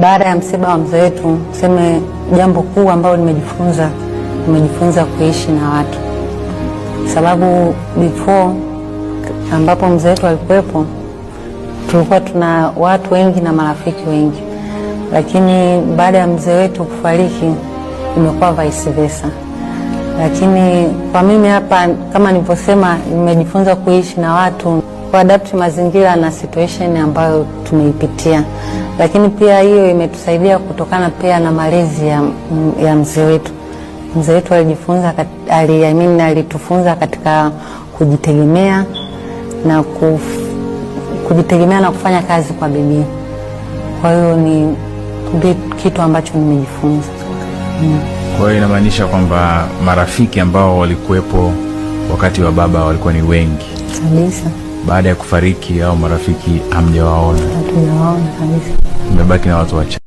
Baada ya msiba wa mzee wetu, tuseme jambo kuu ambalo nimejifunza, nimejifunza kuishi na watu, sababu before ambapo mzee wetu alikuwepo, tulikuwa tuna watu wengi na marafiki wengi, lakini baada ya mzee wetu kufariki imekuwa vice versa. Lakini kwa mimi hapa, kama nilivyosema, nimejifunza kuishi na watu, kuadapti mazingira na situation ambayo tumeipitia lakini pia hiyo imetusaidia kutokana pia na malezi ya, ya mzee wetu. Mzee wetu alijifunza ali, I mean, alitufunza katika kujitegemea na kuf, kujitegemea na kufanya kazi kwa bidii. Kwa hiyo ni kitu ambacho nimejifunza mm. Kwa hiyo inamaanisha kwamba marafiki ambao walikuwepo wakati wa baba walikuwa ni wengi kabisa baada ya kufariki au marafiki hamjawaona? Hatujawaona kabisa. Mmebaki na watu wachache.